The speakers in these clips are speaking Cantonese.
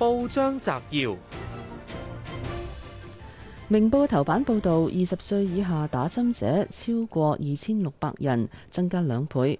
報章摘要：明報頭版報道，二十歲以下打針者超過二千六百人，增加兩倍。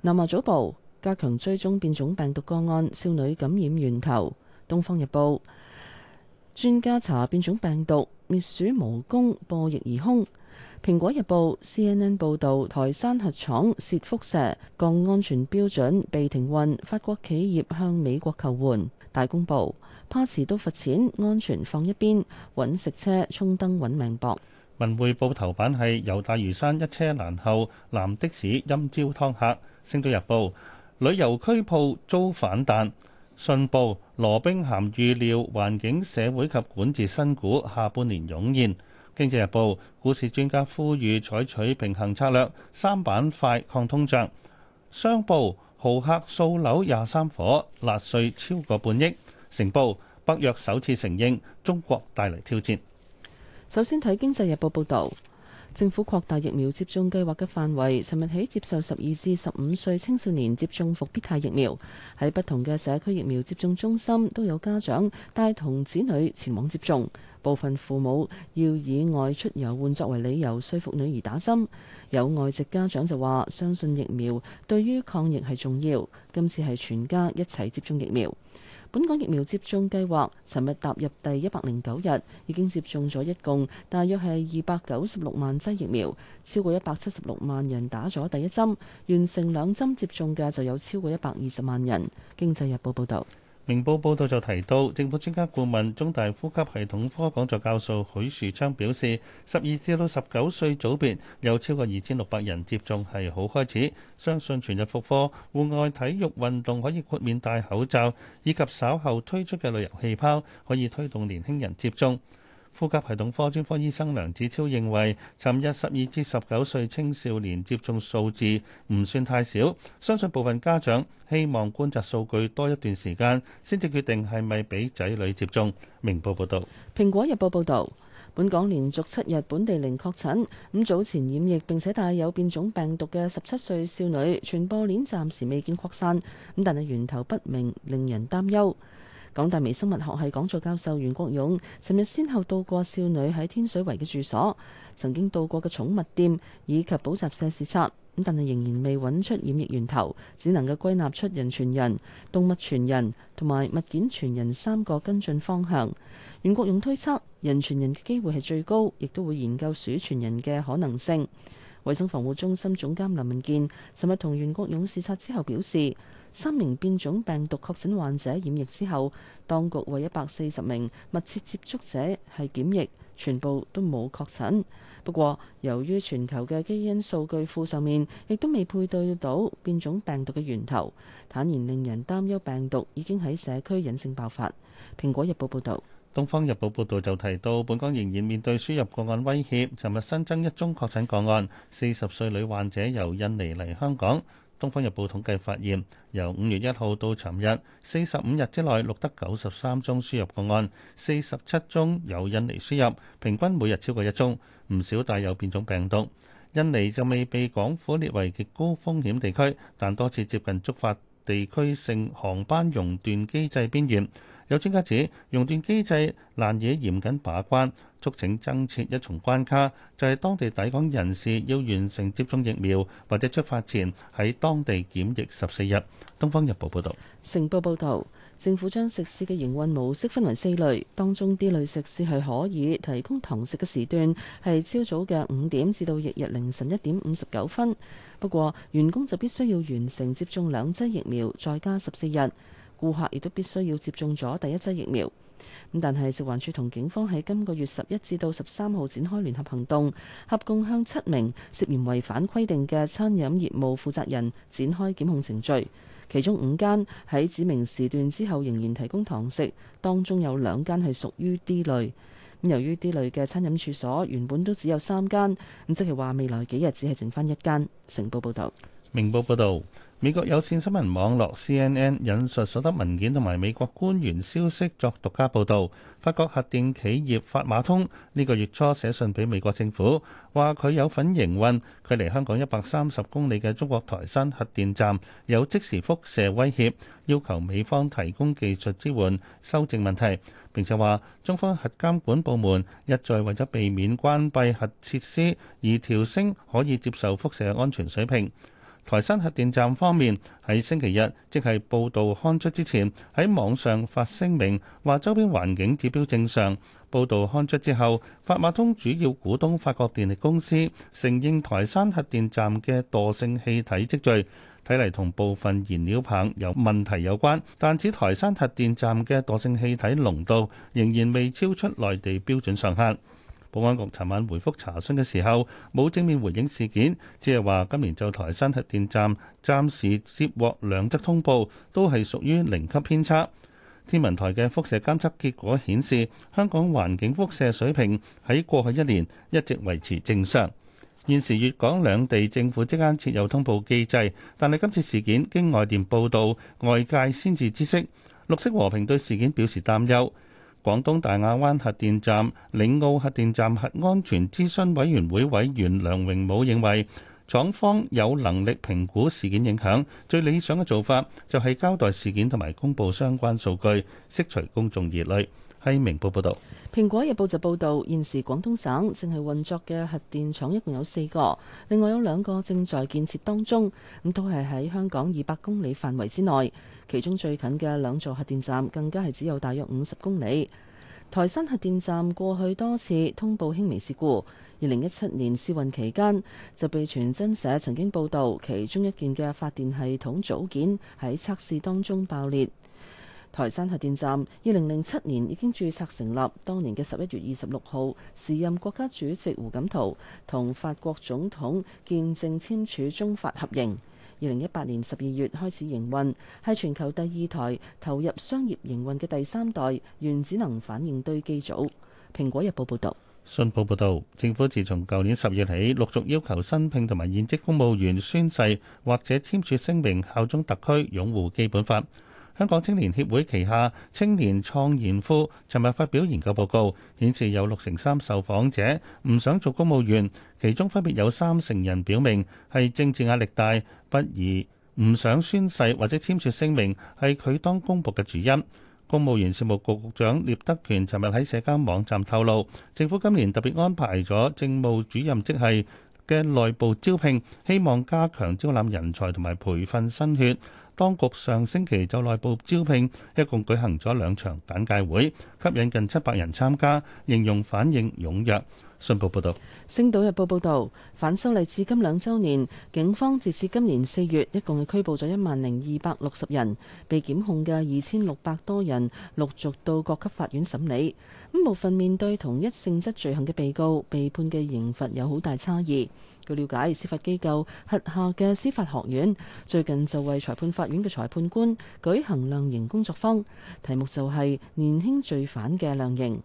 南華早報加強追蹤變種病毒個案，少女感染源頭。東方日報專家查變種病毒，滅鼠無功，播疫而凶。蘋果日報、CNN 報道，台山核廠涉輻射降安全標準，被停運。法國企業向美國求援。大公報，怕遲都罰錢，安全放一邊，揾食車衝燈揾命搏。文匯報頭版係由大嶼山一車一難後，藍的士陰招劏客。星島日報，旅遊區鋪遭反彈。信報，羅兵咸預料環境、社會及管治新股下半年湧現。經濟日報，股市專家呼籲採取平衡策略，三板塊抗通脹。商報豪客掃樓廿三伙，納稅超過半億。成報北約首次承認中國帶嚟挑戰。首先睇經濟日報報導。政府擴大疫苗接種計劃嘅範圍，尋日起接受十二至十五歲青少年接種復必泰疫苗。喺不同嘅社區疫苗接種中心都有家長帶同子女前往接種，部分父母要以外出遊玩作為理由説服女兒打針。有外籍家長就話：相信疫苗對於抗疫係重要，今次係全家一齊接種疫苗。本港疫苗接種計劃尋日踏入第一百零九日，已經接種咗一共大約係二百九十六萬劑疫苗，超過一百七十六萬人打咗第一針，完成兩針接種嘅就有超過一百二十萬人。經濟日報報道。明報報道就提到，政府專家顧問、中大呼吸系統科講座教授許樹昌表示，十二至十九歲組別有超過二千六百人接種係好開始，相信全日復課、戶外體育運動可以豁免戴口罩，以及稍後推出嘅旅遊氣泡可以推動年輕人接種。呼吸系統科專科醫生梁子超認為，尋日十二至十九歲青少年接種數字唔算太少，相信部分家長希望觀察數據多一段時間，先至決定係咪俾仔女接種。明報報道：「蘋果日報報道，本港連續七日本地零確診，咁早前染疫並且帶有變種病毒嘅十七歲少女，傳播鏈暫時未見擴散，咁但係源頭不明，令人擔憂。港大微生物學系講座教授袁國勇，尋日先後到過少女喺天水圍嘅住所、曾經到過嘅寵物店以及補習社視察，咁但係仍然未搵出染疫源頭，只能夠歸納出人傳人、動物傳人同埋物件傳人三個跟進方向。袁國勇推測人傳人嘅機會係最高，亦都會研究鼠傳人嘅可能性。衛生防護中心總監林文健尋日同袁國勇視察之後表示，三名變種病毒確診患者染疫之後，當局為一百四十名密切接觸者係檢疫，全部都冇確診。不過，由於全球嘅基因數據庫上面，亦都未配對到變種病毒嘅源頭，坦言令人擔憂，病毒已經喺社區隱性爆發。《蘋果日報》報道。《東方日報》報道就提到，本港仍然面對輸入個案威脅。尋日新增一宗確診個案，四十歲女患者由印尼嚟香港。《東方日報》統計發現，由五月一號到尋日，四十五日之內錄得九十三宗輸入個案，四十七宗有印尼輸入，平均每日超過一宗，唔少帶有變種病毒。印尼就未被港府列為極高風險地區，但多次接近觸發。地區性航班熔斷機制邊緣，有專家指熔斷機制難以嚴謹把關，促請增設一重關卡，就係當地抵港人士要完成接種疫苗，或者出發前喺當地檢疫十四日。《東方日報》報道，《成報》報道。政府將食肆嘅營運模式分為四類，當中啲類食肆係可以提供堂食嘅時段，係朝早嘅五點至到翌日凌晨一點五十九分。不過員工就必須要完成接種兩劑疫苗，再加十四日。顧客亦都必須要接種咗第一劑疫苗。咁但係食環署同警方喺今個月十一至到十三號展開聯合行動，合共向七名涉嫌違反規定嘅餐飲業務負責人展開檢控程序。其中五間喺指明時段之後仍然提供堂食，當中有兩間係屬於 D 類。咁由於 D 類嘅餐飲處所原本都只有三間，咁即係話未來幾日只係剩返一間。成報報道。明報報導，美國有線新聞網絡 CNN 引述所得文件同埋美國官員消息作獨家報導，法國核電企業法馬通呢個月初寫信俾美國政府，話佢有份營運距離香港一百三十公里嘅中國台山核電站有即時輻射威脅，要求美方提供技術支援修正問題，並且話中方核監管部門一再為咗避免關閉核設施而調升可以接受輻射安全水平。台山核電站方面喺星期日，即係報道刊出之前，喺網上發聲明，話周邊環境指標正常。報道刊出之後，法馬通主要股東法國電力公司承認台山核電站嘅惰性氣體積聚，睇嚟同部分燃料棒有問題有關，但指台山核電站嘅惰性氣體濃度仍然未超出內地標準上限。保安局尋晚回覆查詢嘅時候，冇正面回應事件，只係話今年就台山核電站，暫時接獲兩則通報，都係屬於零廣東大亞灣核電站、嶺澳核電站核安全諮詢委員會委員梁榮武認為，廠方有能力評估事件影響，最理想嘅做法就係交代事件同埋公佈相關數據，釋除公眾疑慮。係明報報道。蘋果日報就報導，現時廣東省正係運作嘅核電廠一共有四個，另外有兩個正在建設當中，咁都係喺香港二百公里範圍之內，其中最近嘅兩座核電站更加係只有大約五十公里。台山核電站過去多次通報輕微事故，二零一七年試運期間就被傳真社曾經報導，其中一件嘅發電系統組件喺測試當中爆裂。台山核電站二零零七年已經註冊成立，當年嘅十一月二十六號，時任國家主席胡錦濤同法國總統見證簽署中法合營。二零一八年十二月開始營運，係全球第二台投入商業營運嘅第三代原子能反應堆機組。《蘋果日報》報道，《信報》報道，政府自從舊年十月起，陸續要求新聘同埋現職公務員宣誓或者簽署聲明，效忠特區，擁護基本法。香港青年協會旗下青年創研庫尋日發表研究報告，顯示有六成三受訪者唔想做公務員，其中分別有三成人表明係政治壓力大，不宜唔想宣誓或者簽署聲明係佢當公僕嘅主因。公務員事務局局長聶德權尋日喺社交網站透露，政府今年特別安排咗政務主任職系嘅內部招聘，希望加強招攬人才同埋培訓新血。當局上星期就內部招聘，一共舉行咗兩場簡介會，吸引近七百人參加，形容反應踴躍。信報報導，《星島日報》報道，反修例至今兩週年，警方截至今年四月，一共係拘捕咗一萬零二百六十人，被檢控嘅二千六百多人，陸續到各級法院審理。五部分面對同一性質罪行嘅被告，被判嘅刑罰有好大差異。據了解，司法機構轄下嘅司法學院最近就為裁判法院嘅裁判官舉行量刑工作坊，題目就係年輕罪犯嘅量刑，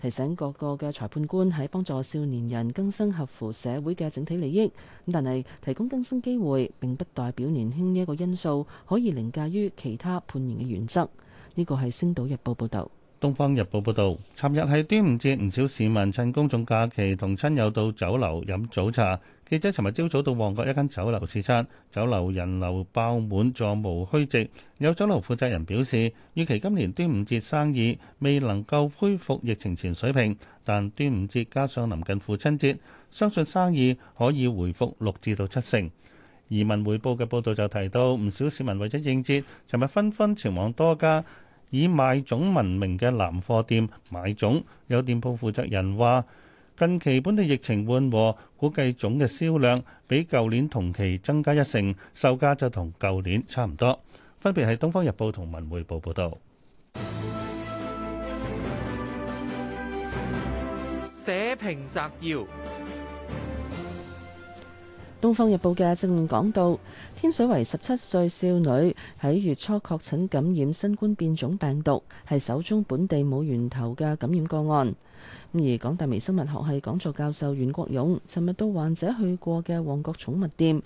提醒各個嘅裁判官喺幫助少年人更生，合乎社會嘅整體利益。咁但係提供更新機會，並不代表年輕呢一個因素可以凌駕於其他判刑嘅原則。呢個係《星島日報》報道。《東方日報》報道，昨日係端午節，唔少市民趁公眾假期同親友到酒樓飲早茶。記者尋日朝早到旺角一間酒樓視察，酒樓人流爆滿，座無虛席。有酒樓負責人表示，預期今年端午節生意未能夠恢復疫情前水平，但端午節加上臨近父親節，相信生意可以回復六至到七成。《移民匯報》嘅報導就提到，唔少市民為咗應節，尋日紛紛前往多家。以賣粽聞名嘅南貨店買粽，有店鋪負責人話：近期本地疫情緩和，估計粽嘅銷量比舊年同期增加一成，售價就同舊年差唔多。分別係《東方日報》同《文匯報》報導。社評摘要。《東方日報》嘅正論講到，天水圍十七歲少女喺月初確診感染新冠變種病毒，係首宗本地冇源頭嘅感染個案。而港大微生物學系講座教授袁國勇，尋日到患者去過嘅旺角寵物店，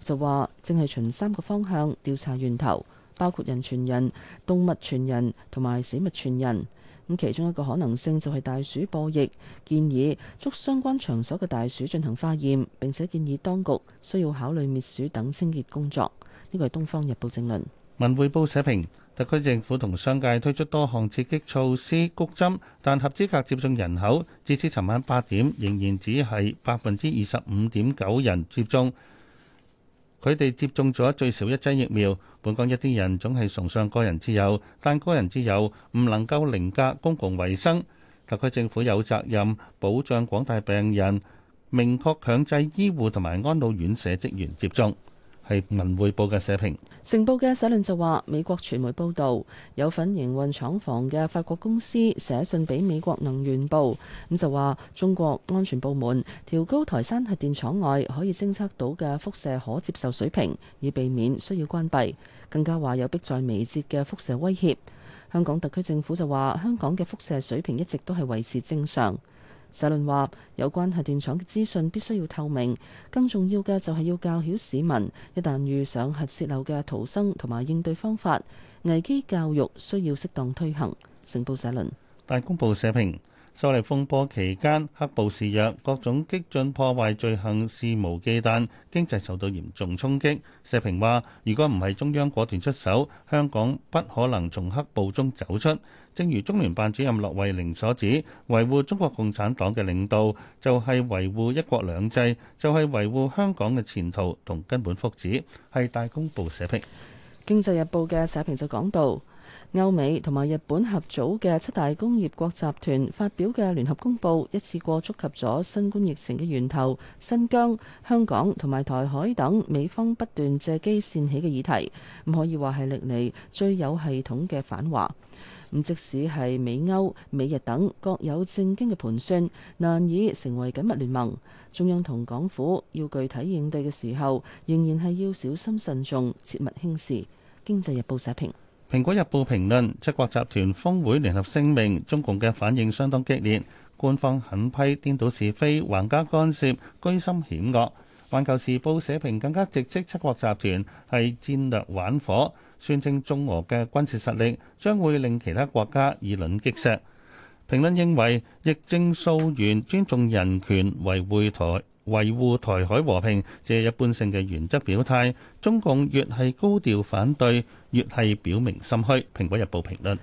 就話正係循三個方向調查源頭，包括人傳人、動物傳人同埋死物傳人。咁其中一個可能性就係大鼠播疫，建議捉相關場所嘅大鼠進行化驗，並且建議當局需要考慮滅鼠等清潔工作。呢個係《東方日報》正論。文匯報社評，特區政府同商界推出多項刺激措施，谷針，但合資格接種人口截至尋晚八點仍然只係百分之二十五點九人接種。佢哋接種咗最少一劑疫苗。本港一啲人總係崇尚個人自由，但個人自由唔能夠凌駕公共衞生。特區政府有責任保障廣大病人，明確強制醫護同埋安老院舍職員接種。係《文匯報》嘅社評，成報嘅社論就話：美國傳媒報道有份營運廠房嘅法國公司寫信俾美國能源部，咁就話中國安全部門調高台山核電廠外可以偵測到嘅輻射可接受水平，以避免需要關閉。更加話有迫在眉睫嘅輻射威脅。香港特區政府就話香港嘅輻射水平一直都係維持正常。社論話，有關核電廠嘅資訊必須要透明，更重要嘅就係要教曉市民，一旦遇上核洩漏嘅逃生同埋應對方法，危機教育需要適當推行。成報社論，大公報社評。修例風波期間，黑暴肆虐，各種激進破壞罪行肆無忌憚，經濟受到嚴重衝擊。社評話：如果唔係中央果斷出手，香港不可能從黑暴中走出。正如中聯辦主任駱惠寧所指，維護中國共產黨嘅領導，就係維護一國兩制，就係維護香港嘅前途同根本福祉，係大公報社評，《經濟日報》嘅社評就講到。歐美同埋日本合組嘅七大工業國集團發表嘅聯合公報，一次過觸及咗新冠疫情嘅源頭、新疆、香港同埋台海等美方不斷借機煽起嘅議題，唔可以話係歷嚟最有系統嘅反華。咁即使係美歐、美日等各有正經嘅盤算，難以成為緊密聯盟。中央同港府要具體應對嘅時候，仍然係要小心慎重，切勿輕視。經濟日報社評。蘋果日報評論,七國集團峰會聯合聲明中共嘅反應相當激烈,官方狠批顛倒是非、橫加干涉,居心險惡,環球時報社評更加直斥七國集團係戰略玩火,宣稱中俄嘅軍事實力將會令其他國家以卵擊石。評論認為,疫症溯源,尊重人權為會台。維護台海和平，這一般性嘅原則表態，中共越係高調反對，越係表明心虛。《蘋果日報》評論。